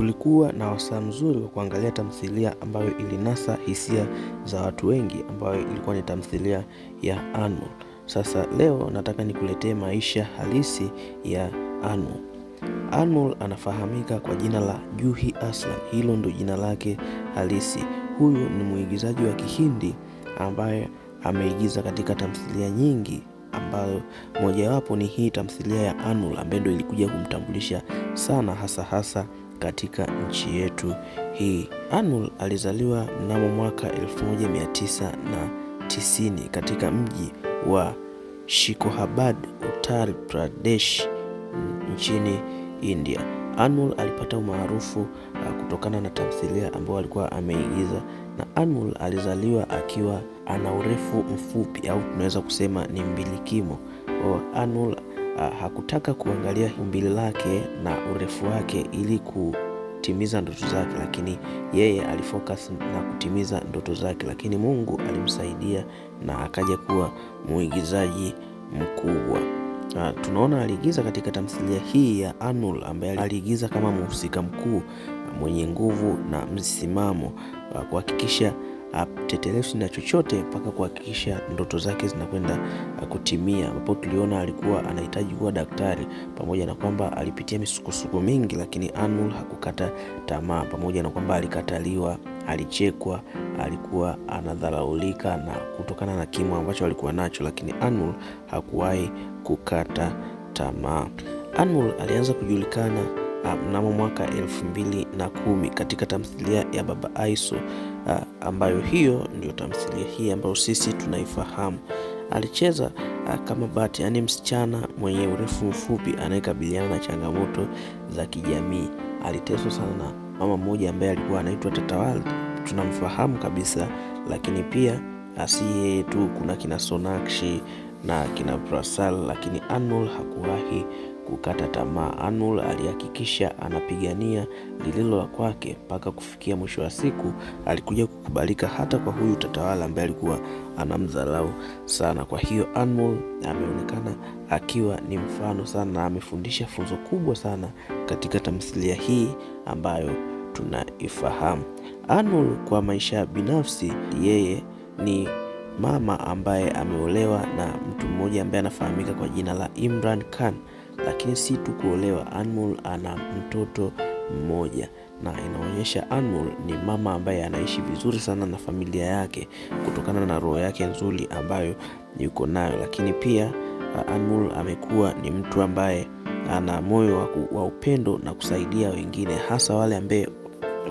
kulikuwa na wasaa mzuri wa kuangalia tamthilia ambayo ilinasa hisia za watu wengi ambayo ilikuwa ni tamthilia ya Anu. Sasa leo nataka nikuletee maisha halisi ya Anu. anul anafahamika kwa jina la Juhi Aslan, hilo ndo jina lake halisi. Huyu ni mwigizaji wa Kihindi ambaye ameigiza katika tamthilia nyingi ambayo mojawapo ni hii tamthilia ya Anul ambayo ndo ilikuja kumtambulisha sana hasa hasa katika nchi yetu hii. anul alizaliwa mnamo mwaka 1990 katika mji wa Shikohabad, Uttar Pradesh nchini India. anul alipata umaarufu ah, kutokana na tamthilia ambayo alikuwa ameigiza, na anul alizaliwa akiwa ana urefu mfupi au tunaweza kusema ni mbilikimo. Oh, anul Ah, hakutaka kuangalia umbile lake na urefu wake ili kutimiza ndoto zake, lakini yeye alifocus na kutimiza ndoto zake, lakini Mungu alimsaidia na akaja kuwa muigizaji mkubwa. Uh, tunaona aliigiza katika tamthilia hii ya Anul ambaye aliigiza kama mhusika mkuu mwenye nguvu na msimamo ah, kuhakikisha ateteresi na chochote mpaka kuhakikisha ndoto zake zinakwenda uh, kutimia, ambapo tuliona alikuwa anahitaji kuwa daktari, pamoja na kwamba alipitia misukosuko mingi, lakini Anmol hakukata tamaa, pamoja na kwamba alikataliwa alichekwa, alikuwa anadharaulika na kutokana na kimo ambacho alikuwa nacho, lakini Anmol hakuwahi kukata tamaa. Anmol alianza kujulikana uh, mnamo mwaka elfu mbili na kumi katika tamthilia ya Baba Aiso uh, ambayo hiyo ndio tamthilia hii ambayo sisi tunaifahamu. Alicheza uh, kama Bati, yani msichana mwenye urefu mfupi anayekabiliana na changamoto za kijamii. Aliteswa sana na mama mmoja ambaye alikuwa anaitwa Tatawal, tunamfahamu kabisa, lakini pia yeye tu, kuna kina Sonakshi na kina Prasal, lakini Anmol hakuwahi kukata tamaa. Anul alihakikisha anapigania lililo la kwake mpaka kufikia mwisho wa siku alikuja kukubalika hata kwa huyu tatawala ambaye alikuwa anamdharau sana. Kwa hiyo anul ameonekana akiwa ni mfano sana na amefundisha funzo kubwa sana katika tamthilia hii ambayo tunaifahamu. anul kwa maisha binafsi, yeye ni mama ambaye ameolewa na mtu mmoja ambaye anafahamika kwa jina la Imran Khan lakini si tu kuolewa. Anmol ana mtoto mmoja na inaonyesha Anmol ni mama ambaye anaishi vizuri sana na familia yake kutokana na roho yake nzuri ambayo yuko nayo, lakini pia uh, Anmol amekuwa ni mtu ambaye ana moyo wa upendo na kusaidia wengine, hasa wale ambao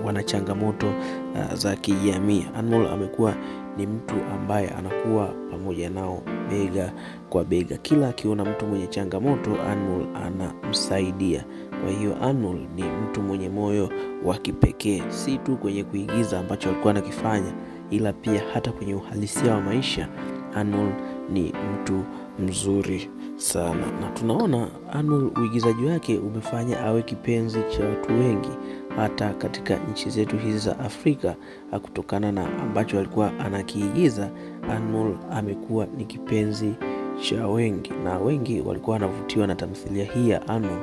wana changamoto uh, za kijamii. Anmol amekuwa ni mtu ambaye anakuwa pamoja nao bega kwa bega. Kila akiona mtu mwenye changamoto, Anmol anamsaidia. Kwa hiyo Anmol ni mtu mwenye moyo wa kipekee, si tu kwenye kuigiza ambacho alikuwa anakifanya, ila pia hata kwenye uhalisia wa maisha. Anmol ni mtu mzuri sana, na tunaona Anmol uigizaji wake umefanya awe kipenzi cha watu wengi hata katika nchi zetu hizi za Afrika, ah, kutokana na ambacho alikuwa anakiigiza. Anmol amekuwa ni kipenzi cha wengi na wengi walikuwa wanavutiwa na tamthilia hii ya Anmol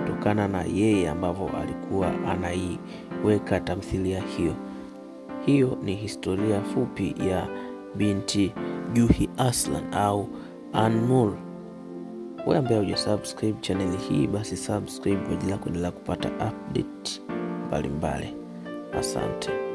kutokana na yeye ambavyo alikuwa anaiweka tamthilia hiyo. Hiyo ni historia fupi ya binti Juhi Aslan au Anmol. Wewe ambaye hujasubscribe channel hii, basi subscribe kwa ajili ya kuendelea kupata update mbalimbali. Asante.